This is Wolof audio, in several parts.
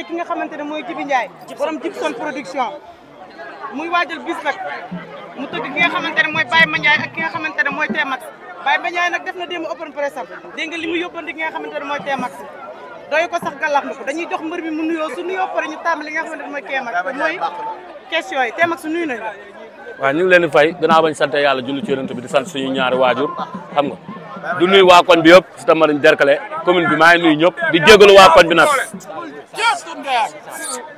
ci ki nga xamante ne mooy Jibi Ndiaye borom Jibson production muy waajal bis nag mu tëgg ki nga xamante ne mooy Baye Mandiaye ak nag def na démb open press am dégg nga li mu yóbbandi ki nga xamante ne mooy Tmax doy ko sax gàllax na dañuy jox mbër mi mu nuyoo su nuyoo pare ñu tàmbali li nga xamante ne mooy Tmax mooy question yi Tmax nuyu nañu waaw ñu ngi leen di fay gannaaw bañ sant yàlla julli ci yonent bi di sant suñu ñaari waajur xam du nuyu waa koñ bi yëpp si tamariñ Derklé commune bi maa ngi nuyu ñëpp di jégalu waa koñ bi nag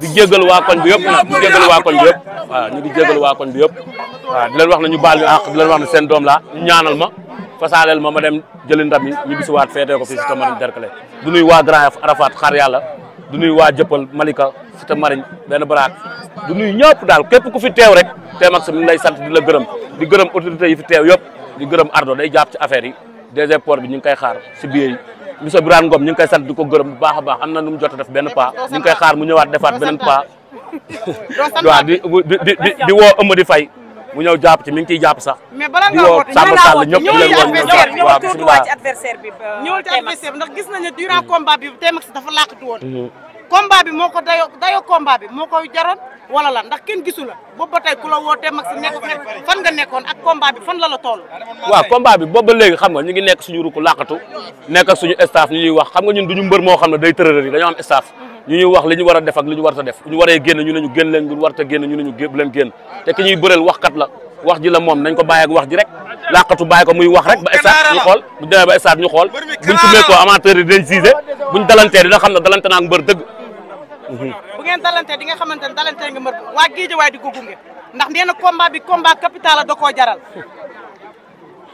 di jégalu waa koñ bi yëpp nag di jégalu waa koñ bi yëpp waaw ñu di jégalu waa koñ bi yëpp waaw di leen wax ne ñu baal ñu àq di leen wax ne seen doom laa ñu ñaanal ma fasaaleel ma ma dem jëli ndam yi ñu bisiwaat feetee ko fii si tamariñ Derklé du nuyu waa Grand Yoff Arafat xaar yàlla du nuyu waa Jëppal Malika si tamariñ benn baraak du nuyu ñëpp daal képp ku fi teew rek teem ak sa mi ngi lay sant di la gërëm di gërëm autorité yi fi teew yëpp di gërëm ardo day jàpp ci affaire yi DG Port bi ñu ngi koy xaar si biir yi monsieur Birane Ngom ñu ngi koy sant di ko gërëm bu baax a baax am na nu mu jot a def benn pas ñu ngi koy xaar mu ñëwaat defaat beneen pas waaw di di di di woo Amady Faye mu ñëw jàpp ci mi ngi ciy jàpp sax. mais bala ngaa woote ñëw naa woote ñëw naa woote ñëw naa woote ñëw ci adversaire bi. ñëwal ci adversaire bi ndax gis nañu ne durant mm-hmm. combat bi Tmax dafa làqatu woon. Mm-hmm. combat bi moo ko dayoo dayoo bi moo koy jaroon wala la ndax kenn gisu la boobu ba tey ku la wootee mag si nekk fan nga nekkoon ak combat bi fan la la tool waa combat bi boobu léegi xam nga ñu ngi nekk suñu ruku làqatu nekk ak suñu staff ñu ñuy wax xam nga ñun ñu mbër moo xam ne day tërërër yi dañoo am staff. ñu ñuy wax li ñu war a def ak li ñu war a def ñu waree génn ñu na ñu génn leen ñu war a génn ñu ne ñu bu leen génn te ki ñuy bëreel waxkat la wax ji la moom nañ ko bàyyi ak wax ji rek làqatu bàyyi ko muy wax rek ba stade ñu xool bu demee ba stade ñu xool buñ tuddee ko xam na dalante naa mbër dëgg. bu ngeen dalantee di nga xamante ne dalantee nga mbër waa géej waay di ko gunge ndax nee na combat bi combat capital la da koo jaral.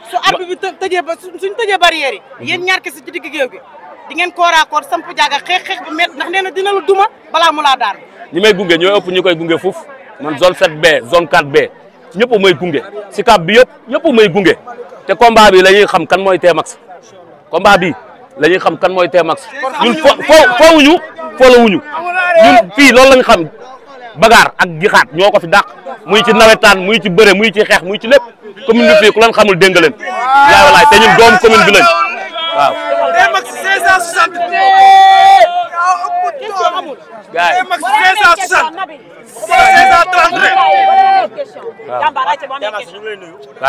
su arbitre bi tëjee ba suñ tëjee barrière yi. Mhm. yéen ñaar kese ci di ngeen kooraakoor samp jaaga xeex xeex bu métti ndax nee na dina la duma balaa mu laa daan. ñi may gunge ñooy ëpp ñu koy gunge fuf man zone 7B zone 4B ñëpp moy gunge si kàb bi yëpp ñëpp may gunge te combat bi la ñuy xam kan mooy Tmax combat bi la ñuy xam kan mooy Tmax ñun fo foowuñu foolowuñu ñun fii loolu lañ xam bagaar ak gixaat ñoo ko fi dàq muy ci nawetaan muy ci bëre muy ci xeex muy ci lépp commune bi fii ku leen xamul dégg leen yaay walaay te ñun doom commune bi lañ waaw. waaw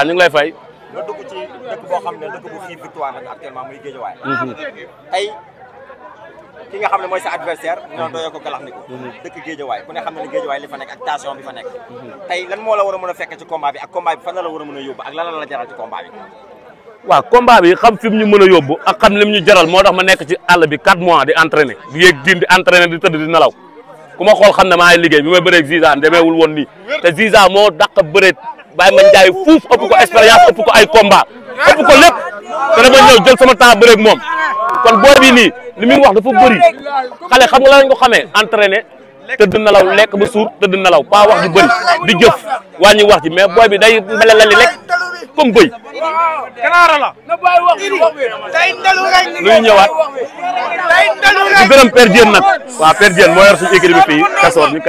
ñu ngi lay fay. nga dugg ci xam ne dëkk bu xiif victoire nag actuellement muy Guédiawaye. Mhm. tey ki nga xam ne mooy sa adversaire. ñu doon doyoo ko galaxndiku. Mhm. dëkk Guédiawaye ku ne xam ne ne Guédiawaye li fa nekk ak tension bi fa nekk. Mhm. tey lan moo la war a mën a fekk ci ak combat bi la la war a mën a yóbbu ak lan la la jaral ci combat bi. waaw combat bi xam fi mu ñu mën a yóbbu ak xam lim ñu jaral moo tax ma nekk ci àll bi 4 mois di entraîner di yéeg diin di entraîner di tëdd di nelaw. ku ma xool ne maa liggéey bi may bëreeg Zizane demeewul woon nii te Zizane moo dàq bëreet Baye ma Ndiaye fuuf ëpp ko expérience ëpp ko ay combat ëpp ko lépp te dama ñëw jël sama temps bëreeg moom kon booy bi nii li muy wax dafa bëri xale xam nga la lañ ko xamee entraîné tëdd nalaw lekk ba suur tëdd nalaw pas wax ju bëri di jëf wàññi wax ji mais booy bi day mel la lekk comme bëy kanaara la. tey ndalu rek. luy ñëwaat. tey ndalu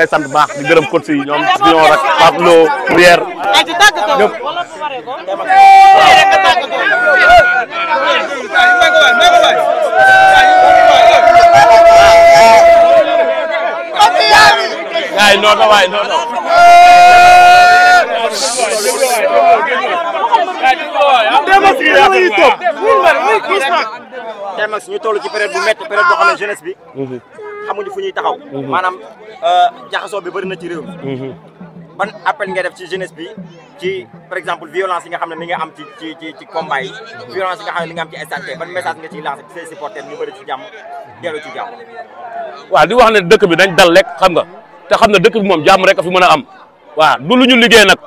sant baax di gërëm coach yi ñoom ñoo war ak Pape Lo Prière ñëpp. waaw. waaw. tey nag suñu toll ci période bu métti période boo xam ne jeunesse bi. Mhm. xamuñu fu ñuy taxaw. Mhm. maanaam euh, jaxasoo bi bëri na ci réew mi. Mhm. ban appel ngay def ci jeunesse bi ci par exemple violence yi nga xam ne mi nga am ci ci ci ci combat yi. violence yi nga xam ne li nga am ci stade ban message nga ciy lancé ci say supporters ñu bëri ci jàmm na ci jàmm. wa di wax ne dëkk bi dañ dal lek xam nga te xam ne dëkk bi moom jàmm rek a fi mën a am waaw du lu ñu liggéey nag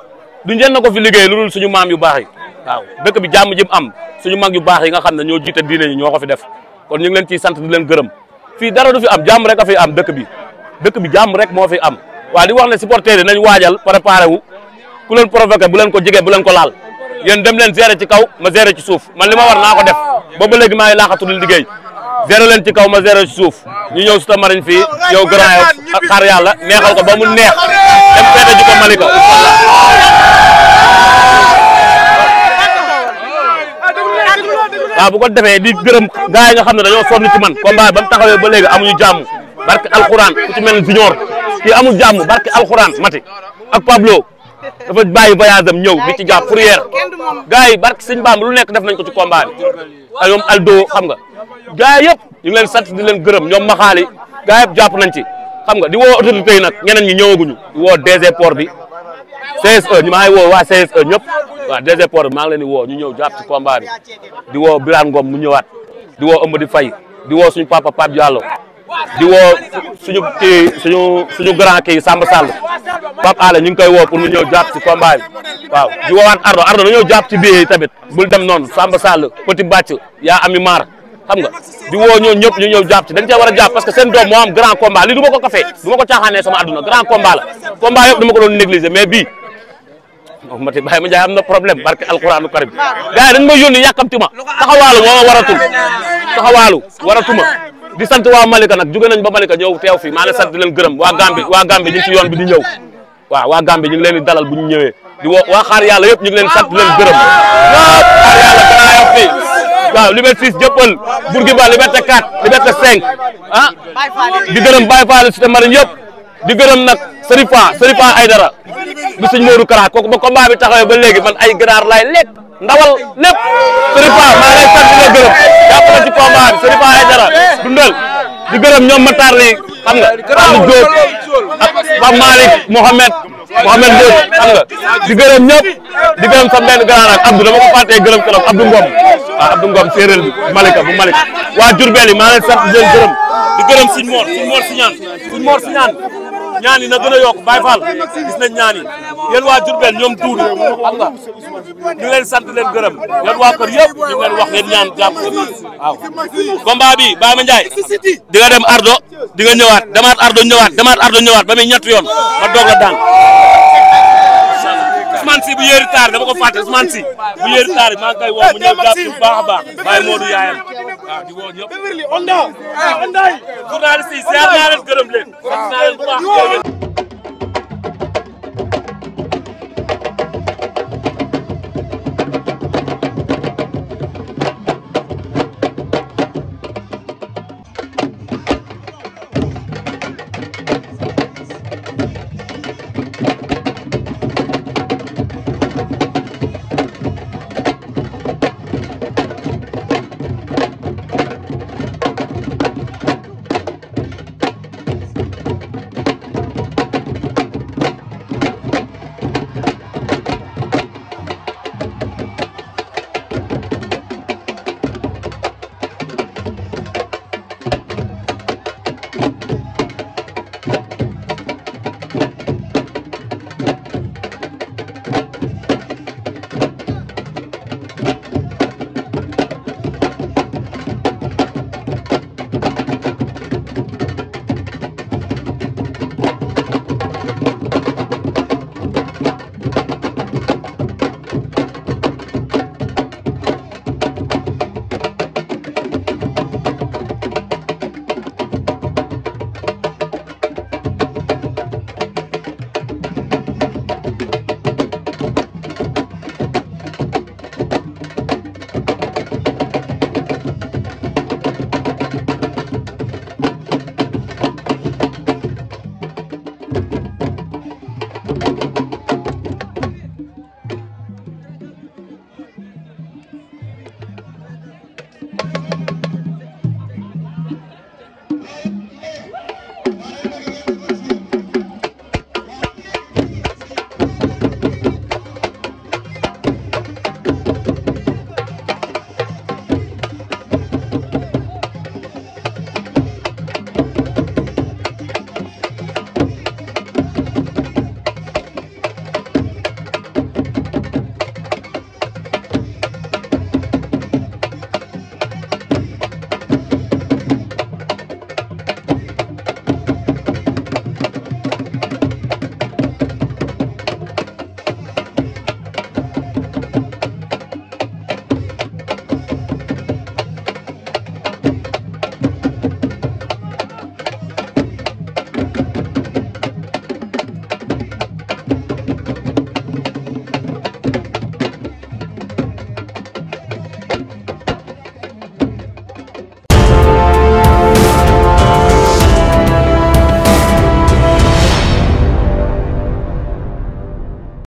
du na ko fi liggéey lu dul suñu maam yu baax yi waaw dëkk bi jàmm jëm am suñu mag yu baax yi nga xam ne ñoo jiite diine ñi ñoo ko fi def kon ñu ngi leen ciy sant di leen gërëm fii dara du fi am jàmm rek a fi am dëkk bi dëkk bi jàmm rek moo fi am waaw di wax ne supporters yi nañ waajal préparé wu ku leen provoqué bu leen ko jege bu leen ko laal yen dem leen gérer ci kaw ma gérer ci suuf man li ma naa ko def booba léegi maa ngi laaxatu di liggéey gérer leen ci kaw ma gérer ci suuf ñu ñëw su ta mariñ fii yow grand xaar yàlla neexal ko ba mu neex dem feete ji ko Malika saa bu ko defee di gërëm gars yi nga xam ne dañoo sonn ci man combat ba mu taxawee ba léegi amuñu jàmm barke alxuraan ku ci mel ni junior kii amul jàmm barke alxuraan mati ak Pablo dafa bàyyi voyage am ñëw di ci jàpp fourrière gars barke sëñ Bamba lu nekk def nañ ko ci combat bi ak ñoom xam nga gars yëpp ñu leen sant di leen gërëm ñoom maxaali gars yëpp jàpp nañ ci xam nga di woo autorité nag ñeneen ñi ñëwaguñu di woo DG port bi CSE e ñëpp waaw DG Port maa ngi leen di woo ñu ñëw jàpp ci combat bi di woo Birane Ngom mu ñëwaat di woo Amady Faye di woo suñu papa Pape Diallo di woo suñu grand kii Samba Sall Pape ñu ngi koy woo pour mu ñëw jàpp ci combat bi waaw di woowaat Ardo Ardo dañoo jàpp ci biir tamit bul dem noon Samba Sall Petit Bàcc yaa ami maar xam nga di woo ñu ñëw jàpp ci dañ cee war a jàpp parce que seen doom moo am grand combat lii du ko kafe du ma ko caaxaanee sama àdduna grand combat la combat ko moom Mati Baye ma Ndiaye am na problème barke alquranu karim gars yi dañ ma yónni yàkkamti ma taxawaalu moo waratul taxawaalu waratuma di sant waa Malika nag jóge nañ ba Malika ñëw teew fii maa ngi sant di leen gërëm waa Gambi waa Gambi ñu ngi ci yoon bi di ñëw waaw waa Gambi ñu ngi leen di dalal bu ñu ñëwee di woo waa xaar yàlla yëpp ñu ngi leen sant di leen gërëm ñëpp xaar yàlla danaa yof fii waaw liberté 6 jëppal Bourguiba liberté 4 liberté 5 ah di gërëm Baye Fall Cité Marine yëpp di bu sëñ Modou Kara kooku ba combat bi taxawee ba léegi man ay ganaar laay lekk ndawal lépp Serigne Fall maa ngi lay sant gërëm jàpp na ci combat bi Serigne Fall ay dara dundal di gërëm ñoom Matar li xam nga Fallou Diop ak Pape Malick Mohamed Mohamed Diop xam nga di gërëm ñëpp di gërëm sa benn ganaar ak Abdou ko fàttee gërëm keroog Abdou Ngom waaw Abdou Ngom séeréer bi Malika bu Malika waa Diourbel yi maa ngi lay sant gërëm di gërëm Sine Mor Sine Mor ñaan yi na gën a yokk Baye Fall gis nañ ñaan yi waa Diourbel ñoom tuuti xam leen sant leen gërëm yéen waa kër yëpp ñu leen wax leen ñaan jàpp waaw combat bi Baye Mandiaye di nga dem Ardo di nga ñëwaat demaat Ardo ñëwaat demaat Ardo ñëwaat ba muy ñett yoon ma doog la daan Ousmane Sy bu yéeri taar dama ko fàtte Ousmane Sy bu yéeri taar maa ngi koy woo mu ñëw jàpp bu baax a yaayam waaw di woo ñëpp. Ah, journaliste yi seet naa leen gërëm leen. sant naa leen bu baax thank you